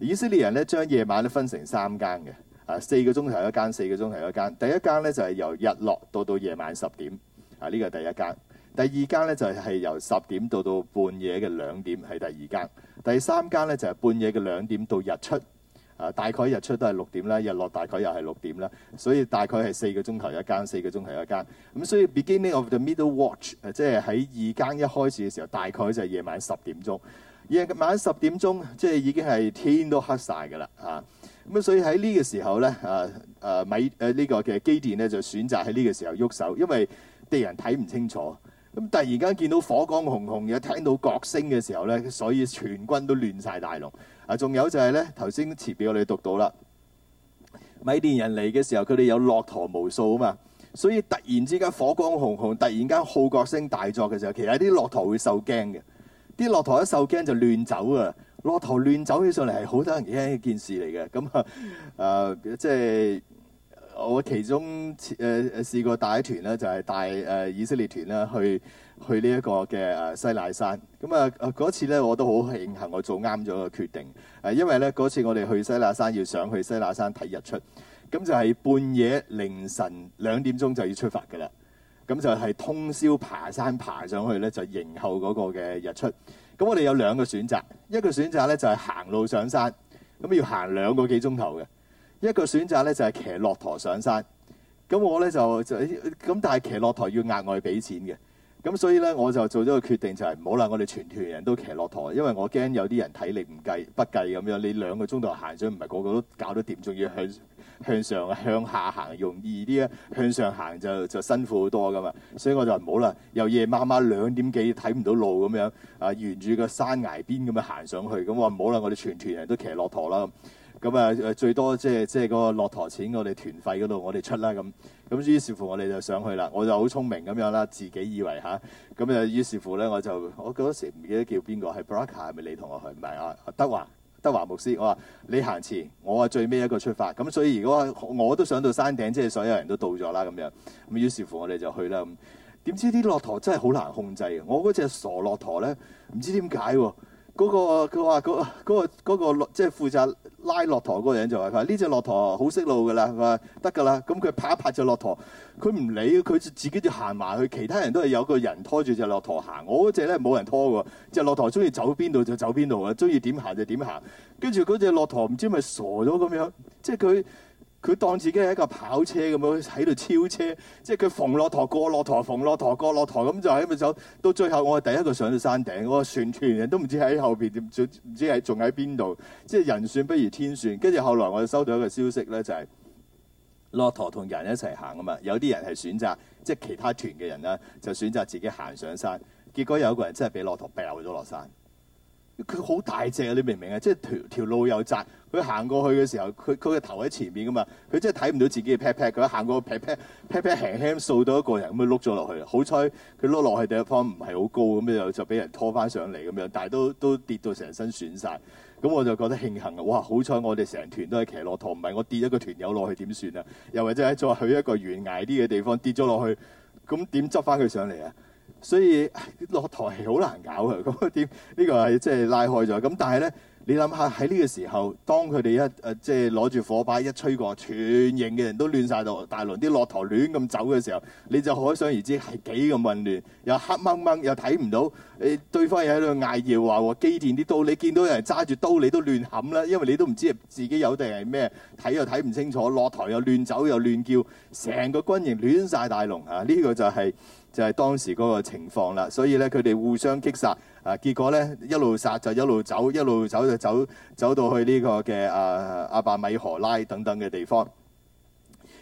以色列人咧將夜晚咧分成三更嘅啊，四個鐘頭一間，四個鐘頭一間。第一間咧就係、是、由日落到到夜晚十點啊，呢個係第一間。第二間咧就係、是、由十點到到半夜嘅兩點係第二間。第三間咧就係、是、半夜嘅兩點到日出，啊大概日出都係六點啦，日落大概又係六點啦，所以大概係四個鐘頭一間，四個鐘頭一間。咁所以 beginning of the middle watch，啊、即係喺二更一開始嘅時候，大概就係夜晚十點鐘。夜晚十點鐘即係已經係天都黑晒㗎啦，啊咁所以喺呢個時候咧，啊啊米誒呢個嘅基甸咧就選擇喺呢個時候喐手，因為啲人睇唔清楚。咁突然間見到火光熊熊，而家聽到角聲嘅時候咧，所以全軍都亂晒大龍。啊，仲有就係、是、咧，頭先前邊我哋讀到啦，米甸人嚟嘅時候，佢哋有駱駝無數啊嘛，所以突然之間火光熊熊，突然間號角聲大作嘅時候，其實啲駱駝會受驚嘅，啲駱駝一受驚就亂走啊。駱駝亂走起上嚟係好得人驚一件事嚟嘅，咁啊誒即係。我其中誒誒試過帶啲團咧，就係帶誒以色列團啦，去去呢一個嘅誒、啊、西奈山。咁、嗯、啊嗰次咧，我都好慶幸我做啱咗個決定。誒、啊，因為咧嗰次我哋去西奈山要上去西奈山睇日出，咁就係半夜凌晨兩點鐘就要出發㗎喇。咁就係通宵爬山爬上去咧，就迎候嗰個嘅日出。咁我哋有兩個選擇，一個選擇咧就係、是、行路上山，咁要行兩個幾鐘頭嘅。一個選擇咧就係、是、騎駱駝上山，咁我咧就就咁，但係騎駱駝要額外俾錢嘅，咁所以咧我就做咗個決定，就係唔好啦，我哋全團人都騎駱駝，因為我驚有啲人體力唔計不計咁樣，你兩個鐘頭行上唔係個個都搞得掂，仲要向向上、向下行容易啲啊，向上行就就辛苦好多噶嘛，所以我就唔好啦，由夜媽媽兩點幾睇唔到路咁樣啊，沿住個山崖邊咁樣行上去，咁我話唔好啦，我哋全團人都騎駱駝啦。咁啊誒最多即係即係嗰個駱駝錢，我哋團費嗰度我哋出啦咁。咁於是乎我哋就上去啦。我就好聰明咁樣啦，自己以為吓。咁啊於是乎咧，我就我嗰時唔記得叫邊個係 Barak 係咪你同我去？唔係啊，德華德華牧師，我話你行前，我啊最尾一個出發。咁所以如果我都上到山頂，即係所有人都到咗啦咁樣。咁於是乎我哋就去啦。點知啲駱駝真係好難控制嘅。我嗰隻傻駱駝咧，唔知點解喎。嗰、那個佢話嗰嗰個即係、那個那個就是、負責拉駱駝嗰個人就話：佢話呢隻駱駝好識路㗎啦，佢話得㗎啦。咁佢拍一拍隻駱駝，佢唔理，佢自己就行埋去。其他人都係有個人拖住隻駱駝行，我嗰隻咧冇人拖喎，隻駱駝鍾意走邊度就走邊度啊，鍾意點行就點行。跟住嗰隻駱駝唔知咪傻咗咁樣，即係佢。佢當自己係一架跑車咁樣喺度超車，即係佢逢駱駝過駱駝，逢駱駝過駱駝咁就喺度走。到最後我係第一個上到山頂，我個船團人都唔知喺後邊點，唔知喺仲喺邊度。即係人算不如天算，跟住後來我就收到一個消息咧，就係駱駝同人一齊行啊嘛，有啲人係選擇即係其他團嘅人啦，就選擇自己行上山。結果有一個人真係俾駱駝掉咗落山。佢好大隻啊，你明唔明啊？即係條條路又窄，佢行過去嘅時候，佢佢個頭喺前面噶嘛，佢真係睇唔到自己嘅劈劈，佢一行過劈劈，劈劈輕輕掃到一個人咁樣碌咗落去，好彩佢碌落去第一方唔係好高，咁樣就就俾人拖翻上嚟咁樣，但係都都跌到成身損晒。咁我就覺得慶幸啊！哇，好彩我哋成團都係騎駱駝，唔係我跌一個團友落去點算啊？又或者係再去一個懸崖啲嘅地方跌咗落去，咁點執翻佢上嚟啊？所以駱駝係好難搞嘅，咁點呢個係即係拉開咗。咁但係咧，你諗下喺呢個時候，當佢哋一誒、呃、即係攞住火把一吹過，全營嘅人都亂晒到大，大龍啲駱駝亂咁走嘅時候，你就可想而知係幾咁混亂，又黑掹掹，又睇唔到，誒、哎、對方又喺度嗌叫話，機電啲刀，你見到有人揸住刀你都亂冚啦，因為你都唔知自己有定係咩，睇又睇唔清楚，駱駝又亂走又亂叫，成個軍營亂晒大龍啊！呢、呢個就係、是。就係當時嗰個情況啦，所以呢，佢哋互相擊殺。啊，結果呢一路殺就一路走，一路走就走走到去呢、這個嘅、啊、阿伯米荷拉等等嘅地方。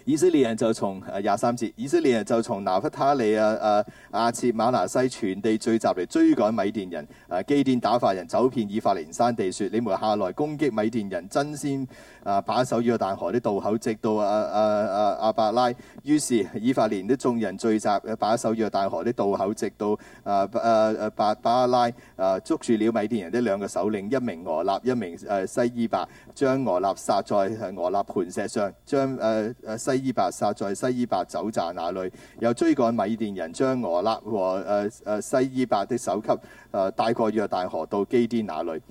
以色列人就從廿三節，以色列人就從拿弗他利啊啊亞切馬拿西全地聚集嚟追趕米甸人，啊基甸打發人走遍以法蓮山地，説：你們下來攻擊米甸人，爭先、啊、把守約但河的渡口，直到阿、啊啊啊、伯拉。於是以法蓮的眾人聚集，把守約但河的渡口，直到啊啊巴、啊、拉啊捉住了米甸人的兩個首領，一名俄立，一名西伊伯，將俄立殺在俄立磐石上，將、啊啊、西。西伊伯殺在西伊伯酒醡那裏，又追趕米甸人將俄立和誒誒西伊伯的首級誒、呃、帶過約大河到基甸那裏。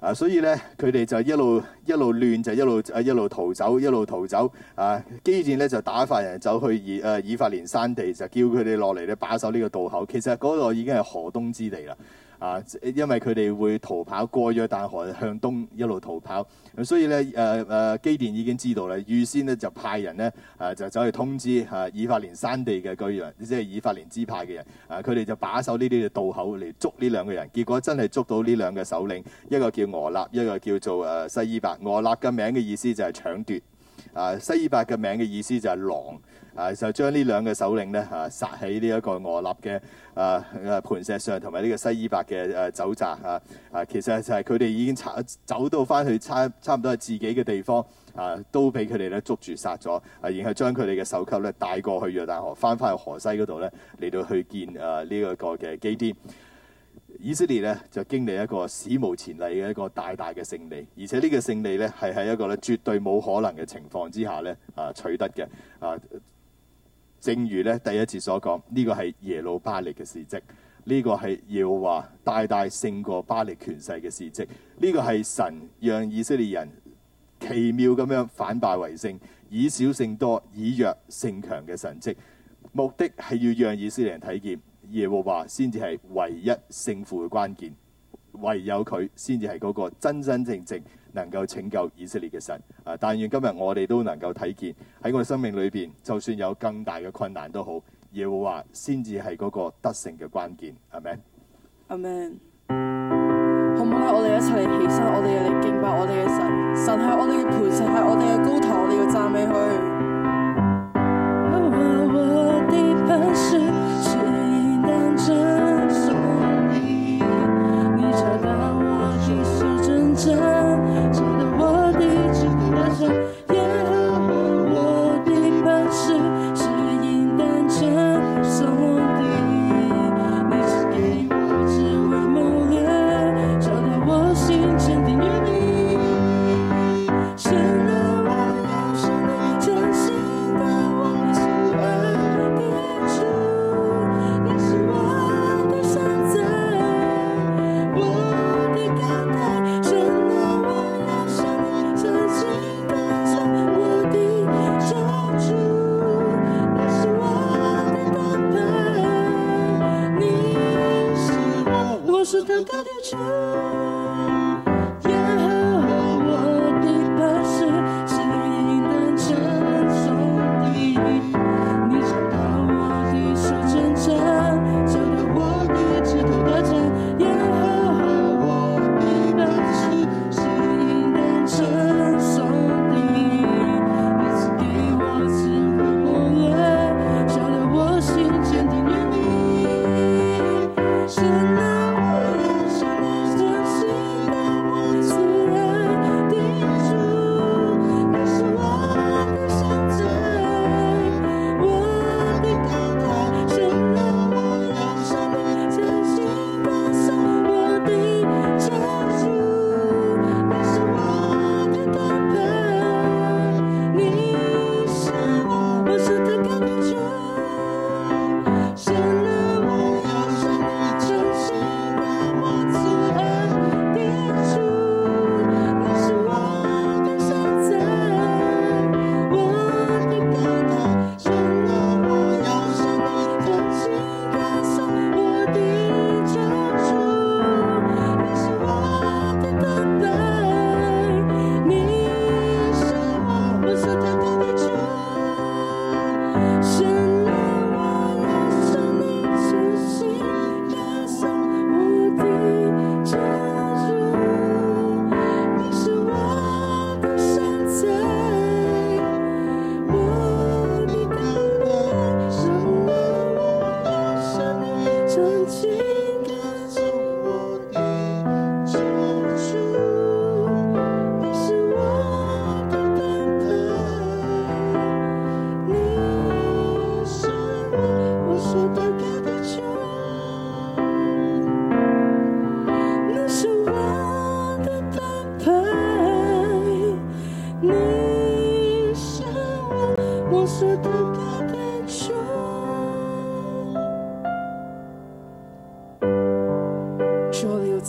啊，所以呢，佢哋就一路一路亂就一路一路逃走，一路逃走。啊，基甸咧就打發人走去以誒、呃、以法蓮山地，就叫佢哋落嚟呢把守呢個渡口。其實嗰度已經係河東之地啦。啊，因為佢哋會逃跑過約旦河，向東一路逃跑。咁所以咧，誒、啊、誒，基、啊、甸已經知道啦，預先咧就派人咧，誒、啊、就走去通知嚇、啊、以法蓮山地嘅居民，即係以法蓮支派嘅人。啊，佢哋就把守呢啲嘅渡口嚟捉呢兩個人。結果真係捉到呢兩個首領，一個叫俄立，一個叫做誒西伊伯。俄立嘅名嘅意思就係搶奪，啊，西伊伯嘅名嘅意思就係狼。啊！就將呢兩個首領呢，啊，殺喺呢一個俄立嘅啊盤石上，同埋呢個西伊伯嘅誒酒醡啊！啊，其實就係佢哋已經走到翻去差差唔多係自己嘅地方啊，都俾佢哋咧捉住殺咗、啊，然後將佢哋嘅首級咧帶過去約旦河，翻返去河西嗰度呢，嚟到去見啊呢一、這個嘅基甸。以色列呢就經歷一個史無前例嘅一個大大嘅勝利，而且呢個勝利呢係喺一個咧絕對冇可能嘅情況之下呢啊取得嘅啊。正如咧第一次所講，呢個係耶路巴力嘅事蹟，呢個係耶和華大大勝過巴力權勢嘅事蹟，呢個係神讓以色列人奇妙咁樣反敗為勝，以少勝多，以弱勝強嘅神蹟。目的係要讓以色列人睇見耶和華先至係唯一勝負嘅關鍵，唯有佢先至係嗰個真真正正。能夠拯救以色列嘅神啊！但願今日我哋都能夠睇見喺我哋生命裏邊，就算有更大嘅困難都好，耶和華先至係嗰個得勝嘅關鍵。係咪？阿 Man，Amen. 好唔好咧？我哋一齊嚟起身，我哋嚟敬拜我哋嘅神。神係我哋嘅陪臣，係我哋嘅高堂，你要讚美佢。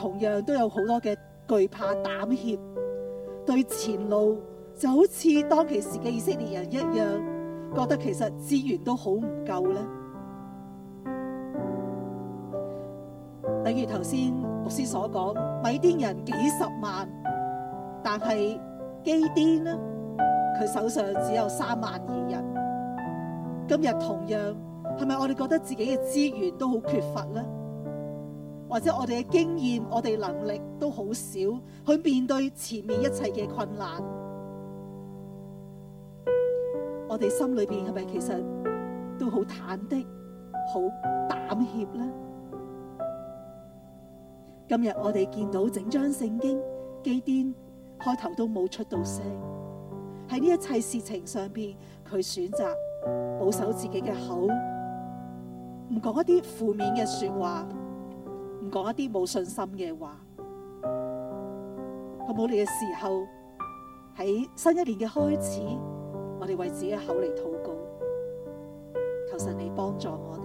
同樣都有好多嘅懼怕、膽怯，對前路就好似當其時嘅以色列人一樣，覺得其實資源都好唔夠咧。例如頭先牧師所講，米甸人幾十萬，但係基甸呢，佢手上只有三萬二人。今日同樣係咪我哋覺得自己嘅資源都好缺乏咧？或者我哋嘅經驗、我哋能力都好少去面對前面一切嘅困難，我哋心裏邊係咪其實都好忐忑、好膽怯呢？今日我哋見到整章聖經基甸開頭都冇出到聲，喺呢一切事情上邊，佢選擇保守自己嘅口，唔講一啲負面嘅説話。唔講一啲冇信心嘅話，咁冇你嘅時候喺新一年嘅開始，我哋為自己口嚟禱告，求神你幫助我哋，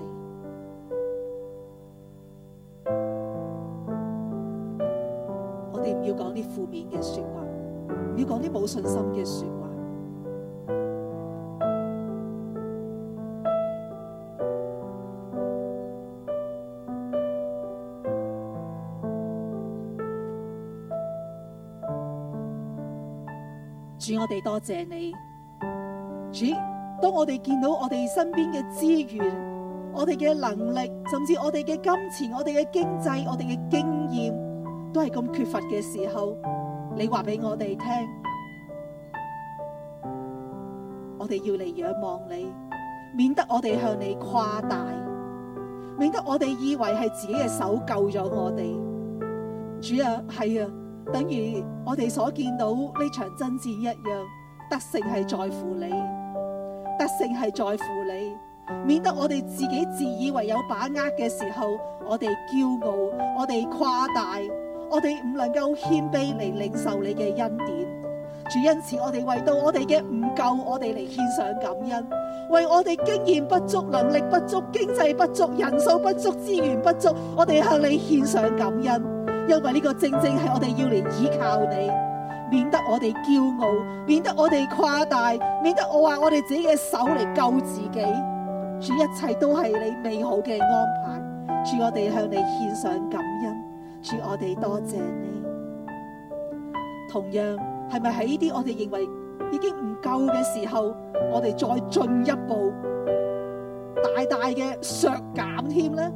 我哋唔要講啲負面嘅說話，唔要講啲冇信心嘅說話。我哋多謝你，主。當我哋見到我哋身邊嘅資源、我哋嘅能力，甚至我哋嘅金錢、我哋嘅經濟、我哋嘅經驗，都係咁缺乏嘅時候，你話俾我哋聽，我哋要嚟仰望你，免得我哋向你誇大，免得我哋以為係自己嘅手救咗我哋。主啊，係啊。等於我哋所見到呢場爭戰一樣，得勝係在乎你，得勝係在乎你，免得我哋自己自以為有把握嘅時候，我哋驕傲，我哋誇大，我哋唔能夠謙卑嚟領受你嘅恩典。主，因此，我哋為到我哋嘅唔夠，我哋嚟獻上感恩，為我哋經驗不足、能力不足、經濟不足、人數不足、資源不足，我哋向你獻上感恩。因為呢個正正係我哋要嚟依靠你，免得我哋驕傲，免得我哋誇大，免得我話我哋自己嘅手嚟救自己。主，一切都係你美好嘅安排。主，我哋向你獻上感恩。主，我哋多謝你。同樣，係咪喺呢啲我哋認為已經唔夠嘅時候，我哋再進一步，大大嘅削減添咧？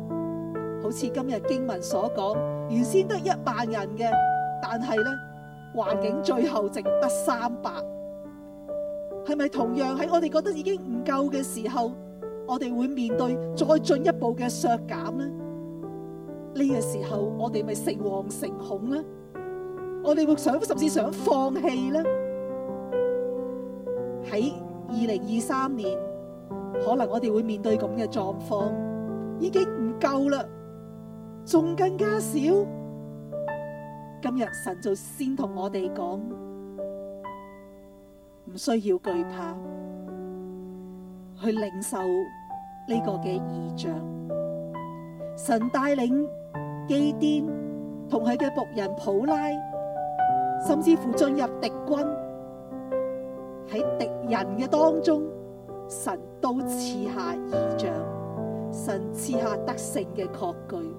好似今日經文所講。原先得一萬人嘅，但係咧環境最後剩得三百，係咪同樣喺我哋覺得已經唔夠嘅時候，我哋會面對再進一步嘅削減呢？呢、呢個時候我哋咪誠惶誠恐咧？我哋會想，甚至想放棄咧？喺二零二三年，可能我哋會面對咁嘅狀況，已經唔夠啦。仲更加少，今日神就先同我哋講，唔需要懼怕，去領受呢個嘅異象。神帶領基甸同佢嘅僕人普拉，甚至乎進入敵軍喺敵人嘅當中，神都賜下異象，神賜下得勝嘅確據。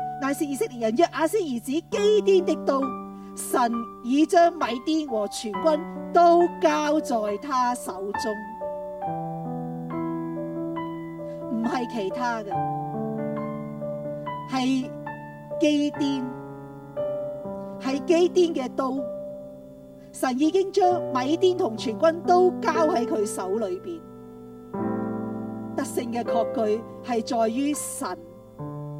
但是以色列人約阿斯兒子基甸的刀，神已將米甸和全軍都交在他手中，唔係其他嘅，係基甸，係基甸嘅刀，神已經將米甸同全軍都交喺佢手裏邊。得勝嘅確據係在於神。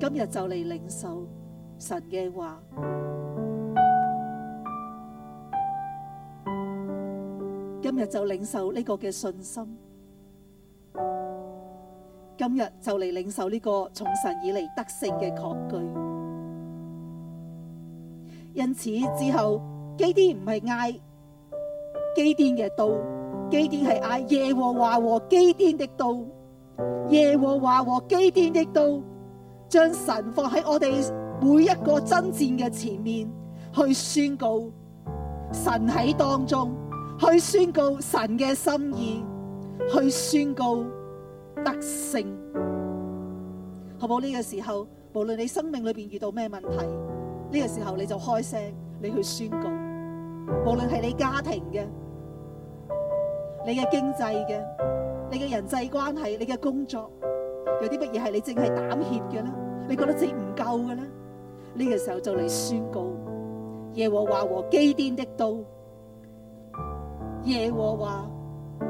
今日就嚟領受神嘅話，今日就領受呢個嘅信心。今日就嚟領受呢個從神以嚟得勝嘅確據。因此之後，基甸唔係嗌基甸嘅刀，基甸係嗌耶和華和基甸的刀，耶和華和基甸的刀。將神放喺我哋每一個爭戰嘅前面，去宣告神喺當中，去宣告神嘅心意，去宣告得勝。好冇，呢個時候，無論你生命裏邊遇到咩問題，呢個時候你就開聲，你去宣告。無論係你家庭嘅，你嘅經濟嘅，你嘅人際關係，你嘅工作。有啲乜嘢係你淨係膽怯嘅咧？你覺得自己唔夠嘅咧？呢、這個時候就嚟宣告耶和華和基甸的刀，耶和華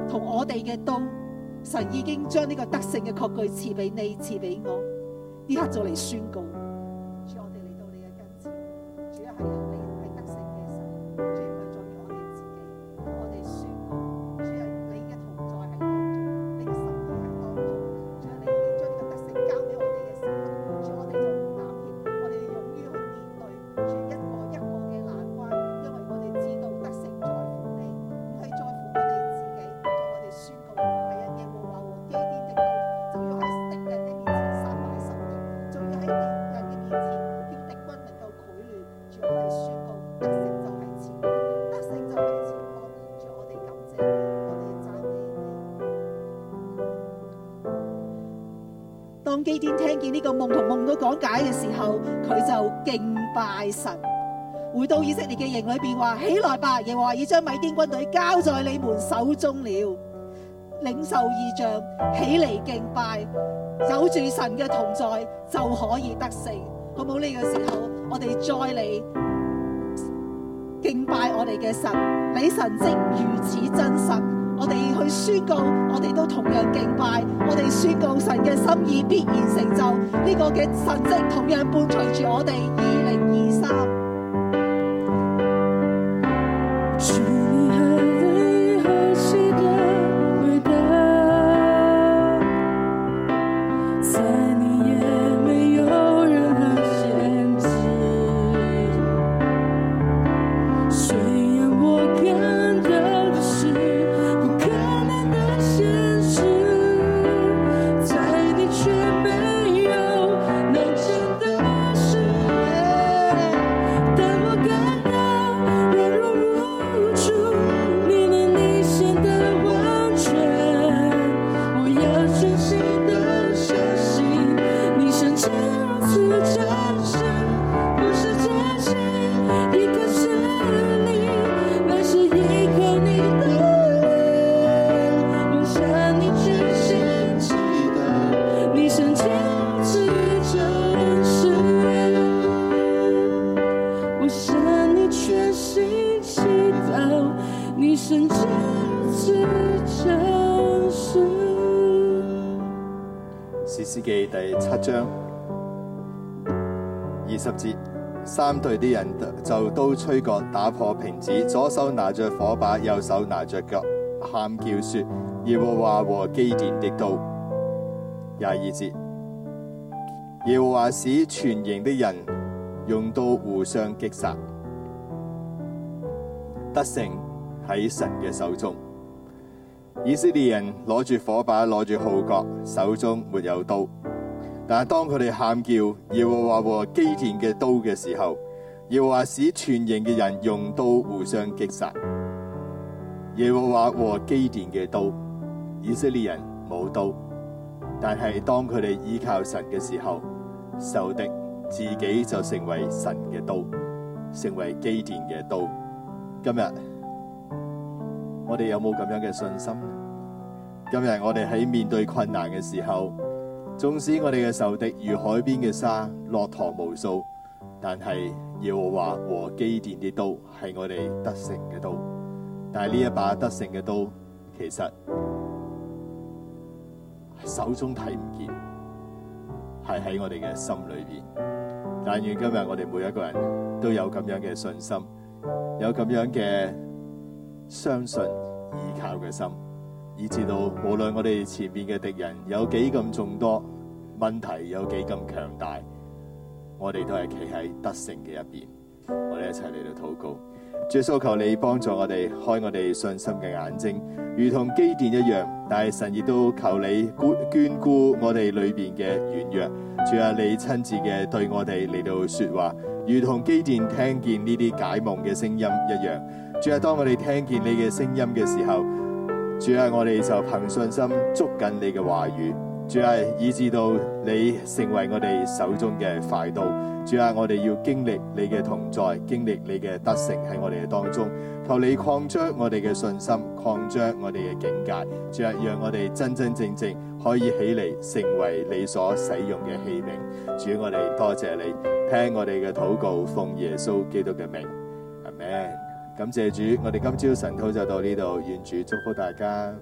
同我哋嘅刀，神已經將呢個得勝嘅確據賜俾你，賜俾我，呢刻就嚟宣告。佢講解嘅時候，佢就敬拜神。回到以色列嘅營裏邊，話，起來吧，耶和華已將米甸軍隊交在你們手中了。領袖異象，起嚟敬拜，有住神嘅同在，就可以得勝。好唔好？呢個時候，我哋再嚟敬拜我哋嘅神，你神蹟如此真實。我哋去宣告，我哋都同樣敬拜，我哋宣告神嘅心意必然成就，呢個嘅神跡同樣伴隨住我哋二零二三。隊啲人就都吹角打破瓶子，左手拿着火把，右手拿着角，喊叫說：耶和華和基甸的刀。廿二節，耶和華使全營的人用刀互相擊殺，得勝喺神嘅手中。以色列人攞住火把，攞住號角，手中沒有刀，但係當佢哋喊叫耶和華和基甸嘅刀嘅時候。耶和華使全營嘅人用刀互相擊殺。耶和華和基甸嘅刀，以色列人冇刀，但係當佢哋依靠神嘅時候，仇敵自己就成為神嘅刀，成為基甸嘅刀。今日我哋有冇咁樣嘅信心？今日我哋喺面對困難嘅時候，縱使我哋嘅仇敵如海邊嘅沙，駱駝無數，但係。耶和華和基甸啲刀係我哋得勝嘅刀，但係呢一把得勝嘅刀，其實手中睇唔見，係喺我哋嘅心裏邊。但願今日我哋每一個人都有咁樣嘅信心，有咁樣嘅相信依靠嘅心，以至到無論我哋前面嘅敵人有幾咁眾多，問題有幾咁強大。我哋都係企喺得勝嘅一邊，我哋一齊嚟到禱告。主啊，求你幫助我哋開我哋信心嘅眼睛，如同基甸一樣。但係神亦都求你眷顧我哋裏邊嘅軟弱。主啊，你親自嘅對我哋嚟到說話，如同基甸聽見呢啲解夢嘅聲音一樣。主啊，當我哋聽見你嘅聲音嘅時候，主啊，我哋就憑信心捉緊你嘅話語。主啊，以至到你成為我哋手中嘅快刀。主啊，我哋要經歷你嘅同在，經歷你嘅得勝喺我哋嘅當中。求你擴張我哋嘅信心，擴張我哋嘅境界。主啊，讓我哋真真正正可以起嚟，成為你所使用嘅器皿。主，我哋多謝你聽我哋嘅禱告，奉耶穌基督嘅名，阿門。感謝主，我哋今朝晨禱就到呢度，願主祝福大家。